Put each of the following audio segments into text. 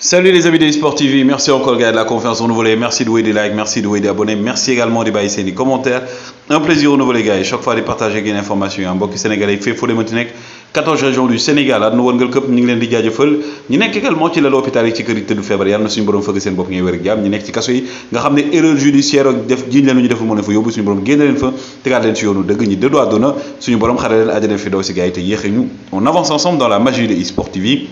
Salut les amis de Sport TV, merci encore gars de la confiance au nouveau les merci de des likes, merci de des abonnés, merci également de baisser les commentaires. Un plaisir au nouveau les gars, chaque fois de partager une information en bon Sénégalais fait fo demati nekk 14 régions du Sénégal àdduna wërngal këpp ñu ngi leen di jaajëfal ñi nekk également ci lal l'hôpital yi ci kër yi février. Nous sommes na suñu borom fëgg seen bopp ngay wér ak jàmm ñi nekk ci kaso yi nga erreur judiciaire ak def jiñ leen lu ñu deful moo leen fa yóbbu suñu borom génn leen fa tegaat leen ci yoonu dëgg ñi dëddu àdduna suñu borom xare leen àjjana fi daw si gars yi te on avance ensemble dans la magie de Sport TV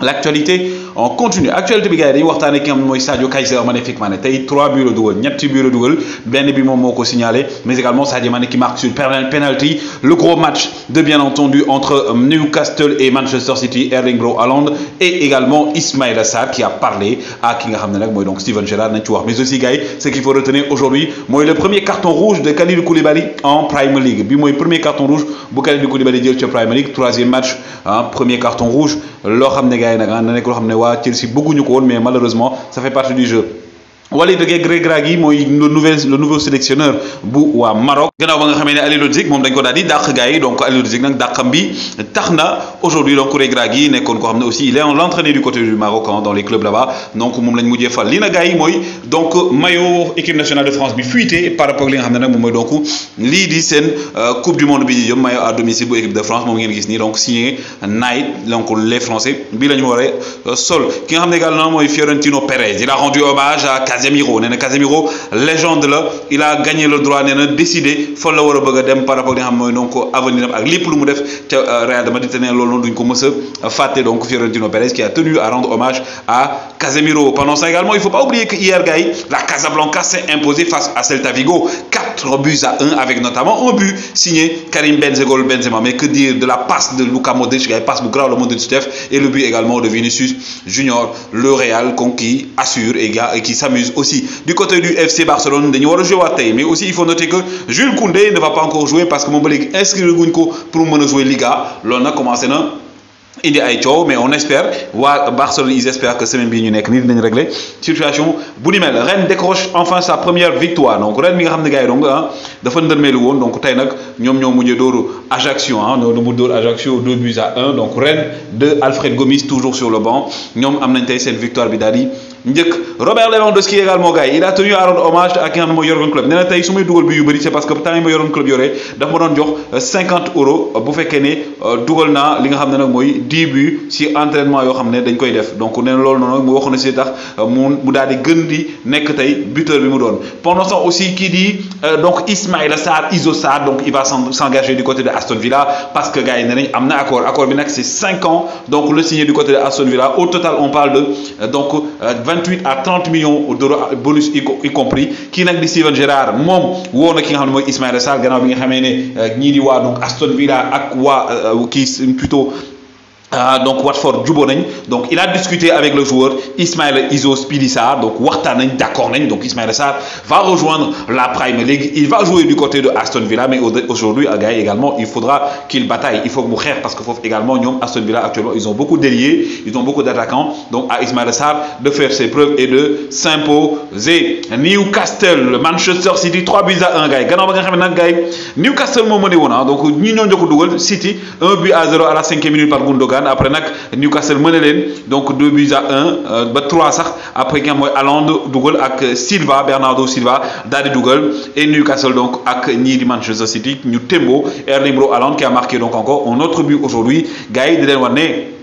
l'actualité on continue actualité bi gars yi dañuy ki nga xam Sadio Kaiser magnifique Mané tey trois buts la dugal ñetti buts la dugal benn bi moom signalé mais également Sadio Mané qui marque sur penalty le gros match de bien entendu entre euh, Newcastle et Manchester City Erling bro, Haaland et également Ismaïla Sarr qui a parlé à King nga donc Steven Gerrard nañ ci mais aussi gars ce qu'il faut retenir aujourd'hui moi le premier carton rouge de Kalidou Koulibaly en Premier League bi le premier carton rouge bu Kalidou Koulibaly jël ca Premier League troisième match hein, premier carton rouge loo xam gars yi nag ah na nekk loo xam Chelsea bëgguñu ko won mais malheureusement ça fait partie du jeu. Walid Regragui moy le nouvel le nouveau sélectionneur bu waa Maroc gannaaw ba nga xamee ne Aliou Dzik moom dañ ko daldi dakh gaay donc Aliou Dzik nag dàqam bi taxna aujourd'hui donc Regragui nekkoon koo ko xamné aussi il est l'entraîneur du côté du Maroc hein, dans les clubs là-bas donc mom lañ mujjé fal li na gars yi mooy donc maillot équipe nationale de France bi fuité par rapport li nga xamné nak mom moy donc li di seen euh, coupe du monde bi di jëm maillot à domicile bu équipe de France mom ngeen gis ni donc signé Knight donc les Français bi lañ ñu war euh, sol ki nga xamné ne également mooy Fiorentino Perez il a rendu hommage à Casemiro Casemiro légende là, il a gagné le droit de décider fan le le par rapport à nga xam à donc avenir am ak euh, Real de Madrid te euh, donc qui a tenu à rendre hommage à Casemiro pendant ça également il ne faut pas oublier que hier la Casablanca s'est imposée face à Celta Vigo 4 buts à 1 avec notamment un but signé Karim Benzegol Benzema mais que dire de la passe de Luka Modric qui passe au grave le monde de Steph et le but également de Vinicius Junior le Real qui assure et qui s'amuse aussi. Du côté du FC Barcelone, mais aussi il faut noter que Jules Koundé ne va pas encore jouer parce que mon ba inscrit le guñ pour mën jouer Liga L'on a commencé na. indi à mais on espère Barcelone ils espèrent que semaine même bien une équipe régler situation bu Rennes décroche enfin sa première victoire donc Rennes mi de xam de gars yi donc Tainak, ah, dafa ndërmeelu woon donc Ajaccio ah, Ajaccio 2 buts à 1 donc Rennes de Alfred Gomis toujours sur le banc Nyom am nañ cette victoire bidali njëkk Robert Lewandowski également gars il a tenu à rendre hommage ak ki mo xam ne mooy yoroon club nee na tey su bi yu bari c'est parce que temps yi ma yoroon club yoree daf ma don jox 50 euh, euros euh, bu fekkee ne euh, dugal naa li nga xamné nak moy mooy buts si entraînement yo xamné dañ koy def donc nee na loolu noonu mu waxoon na tax mu mu daal di gën di nek tay buteur bi mu don pendant ça aussi qui dit donc Ismaïla Sarr Iso Sarr donc il va s'engager du côté de Aston Villa parce que gars yi nee nañ am accord accord bi nak c'est cinq ans donc le signer du côté de Aston Villa au total on parle de donc 28 à 30 millions d'euros bonus y compris Qui n'a di Steven Gerrard mom wo na ki nga xam moy Ismaël Ismaël Sarr bi nga xamee qui euh, di donc Aston Villa ak qui est plutôt ah, donc Watford du donc il a discuté avec le joueur Ismaël iso donc Watanen d'accord donc Ismaël Sarr va rejoindre la Premier League il va jouer du côté de Aston Villa mais aujourd'hui également il faudra qu'il bataille il faut mourir parce qu'il faut également Aston Villa actuellement ils ont beaucoup d'ailiers ils ont beaucoup d'attaquants donc à Ismaël Sarr de faire ses preuves et de s'imposer Newcastle Manchester City 3 buts à 1 gars Newcastle ah. donc City 1 but à 0 à la 5 5e minute par Gundogan après nak Newcastle mëne donc 2 buts à 1 euh, ba 3 sax après a moy Haaland Dougal ak Silva Bernardo Silva Daddy Dougal. et Newcastle donc ak ñii Manchester City ñu tembo Erling bro qui a marqué donc encore un autre but aujourd'hui Gaïd de di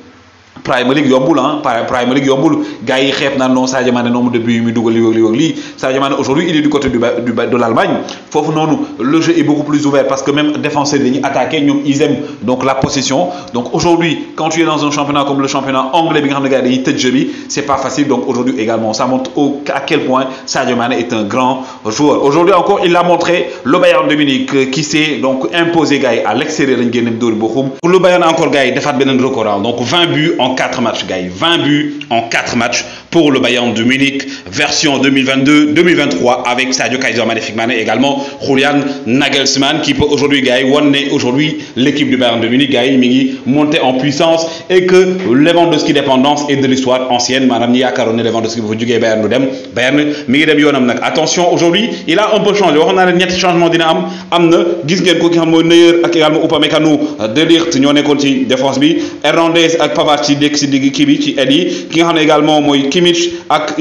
Premier League yombul hein, Premier League yombul gars yi xeeb non Sadio Mané de buts yi muy dugal li Sadio Mané aujourd'hui il est du côté du de l'Allemagne que nous le jeu est beaucoup plus ouvert parce que même défenseurs dañuy attaquer ñom ils aiment donc la possession donc aujourd'hui quand tu es dans un championnat comme le championnat anglais bi nga xamné ne dañuy bi c'est pas facile donc aujourd'hui également ça montre au à quel point Sadio Mané est un grand joueur aujourd'hui encore il a montré le Bayern de Munich euh, qui s'est donc imposé gars à l'extérieur de génneem Bochum pour le Bayern encore gars défat benen record hein. donc 20 buts en 4 matchs, gars. 20 buts en 4 matchs pour le Bayern de Munich, version 2022-2023, avec Sadio Kaiser Magnifique Mané également Julian Nagelsmann, qui peut aujourd'hui gagner. Aujourd'hui, l'équipe du Bayern de Munich, Gaï Mingi, monter en puissance et que Lewandowski dépendance est de l'histoire ancienne. Madame Nia Karone Lewandowski, vous dites Bayern dem Bayern Mingi Dem Attention, aujourd'hui, il a un peu changé. On a un net changement dynamique. Amne, Gizgen ngeen ko ki xam a Neuer également Upamecano de Ligt ñoo est ci défense bi Hernandez ak Pavard ci qui est qui qui également moi, Kimi Kimmich ak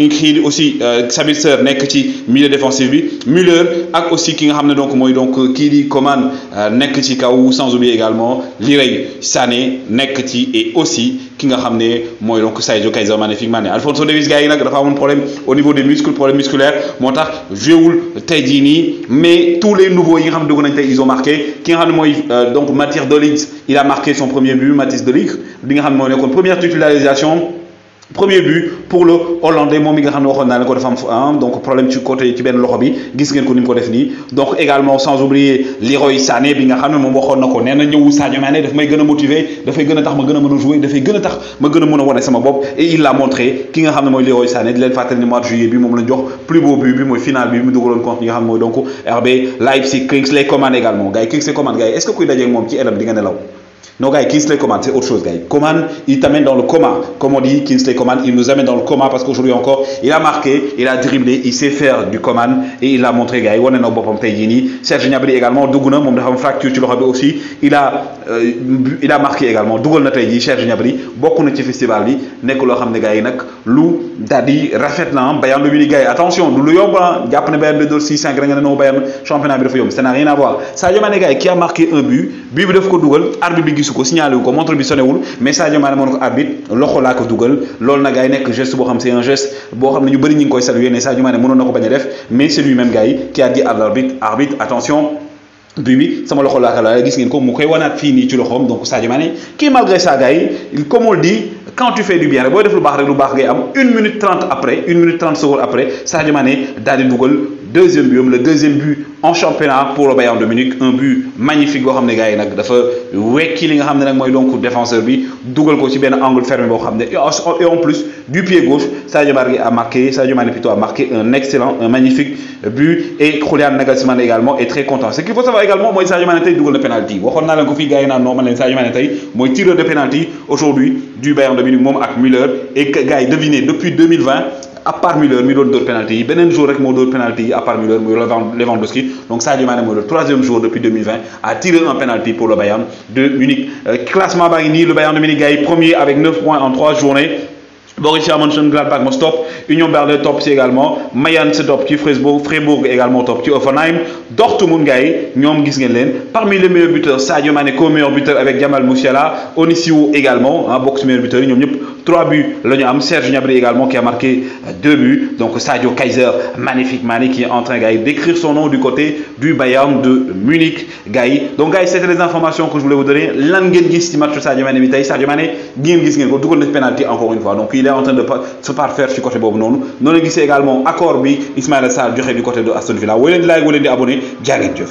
aussi euh, Sabitzer nek ci milieu défensif bi Müller ak aussi ki nga xam donc moy donc ki di Coman euh, nek ci kaw sans oublier également Leroy Sané nek ci et aussi ki nga xam moy donc Sadio Kaiser Magnifique Mané Alphonso Davies gars yi nag dafa amoon problème au niveau des muscles problème musculaire motax tax jouewul tey mais tous les nouveaux yi nga xam ne nañ tay ils ont marqué ki nga xam moy euh, donc Mathis de il a marqué son premier but Mathis de li nga xam nekone première titularisation premier but pour le hollandais moom nga ah, donc problème ci côté ci ben loxo bi gis ngeen ko ko donc également sans oublier Leroy Sané bi nga xamne mom waxon nako néna ñewu daf may gëna motiver da fay a tax ma jouer da fay gëna tax ma gëna mëna sama et il l'a montré ki nga xamne moy Leroy Sané di len mois de juillet bi plus beau but bi moy final bi mu le contre nga donc RB Leipzig les commandes également gars les Kingsley est-ce que kuy dajeeg mom ci di nga non, gars, Kingsley Coman, c'est autre chose, gars. Coman, il t'amène dans le coma. Comme on dit, Kingsley Coman, il nous amène dans le coma parce qu'aujourd'hui encore, il a marqué, il a dribblé, il sait faire du Coman et il l'a montré, gars. On est dans Serge Gnabry également, Dougouna, mon fracture, tu l'auras aussi. Il a, euh, il a marqué également. Dougouna Taïdi, Serge Gnabry, beaucoup de festival, nek lo xamne gaay nak lu dadi rafet na ah. bayam lu gars. attention nous lu yomb ah. japp ne de dol 6 grand, nga no bayam championnat bi dafa ça n'a rien à voir Sadio Mané gars, qui a marqué un but but de daf ko dougal arbitre gisu ko signalé wu ko montre bi sonewul wul message Mané moo ko arbitre loxo la ko dugal lol na gay nek geste bo xam c'est un geste bo xam ni ñu bari ñing koy saluer ne Sadio Mané mënoon nako baña def mais c'est lui-même gay qui a dit à l'arbitre arbitre attention bi bi sama loxo laaka la gis ngeen ko mu koy wanaat fii nii ci loxom donc Sadio Mané qui malgré ça gay il comme on dit quand tu fais du bien rek booy def lu bax rek lu bax ngay am 1 minute 30 après 1 minute 30 secondes après Sadio Mané daal di dugal deuxième but le deuxième but en championnat pour le Bayern de Munich un but magnifique boo xam a gars dafa li donc défenseur bi Double ko ci angle fermé et en plus du pied gauche Sadio Mané a marqué Sadio Mané plutôt a marqué un excellent un magnifique but et Julian Nagelsmann également est très content ce qu'il faut savoir également mooy Sadio Mané a double de penalty Il y a ko Sadio tireur de penalty aujourd'hui du Bayern de Munich moom Müller et gars devinez depuis 2020 part Müller mi doon deux penalty yi beneen jour rek deux dóor penalty à part Müller Müller Lewandowski donc Sadio Mané mooy troisième jour depuis 2020 a tiré un penalty pour le Bayern de Munich euh, classement Barini, le Bayern de Munich gars premier avec 9 points en 3 journées Borussia Mönchengladbach mon stop. Union Berlin top aussi également Mayence top qui Freiburg Freiburg également top, qui Hoffenheim Dortmund gars Nyom Gisgenlen, parmi les meilleurs buteurs Sadio Mané co-meilleur buteur avec Jamal Musiala Onisio également un hein, box meilleur buteur Trois buts le am Serge Gnabry également qui a marqué euh, deux buts donc Sadio Kaiser magnifique Mané qui est en train d'écrire son nom du côté du Bayern de Munich Gaï. donc Gaï, c'était les informations que je voulais vous donner lan qui match Sadio Mané Mitaï. Sadio Mané Gengis gis Tout ko penalty encore une fois donc il est en train de se parfaire du côté Bob Non. Non également accord bi Ismaël du côté de Aston Villa Vous voulez like vous voulez di abonné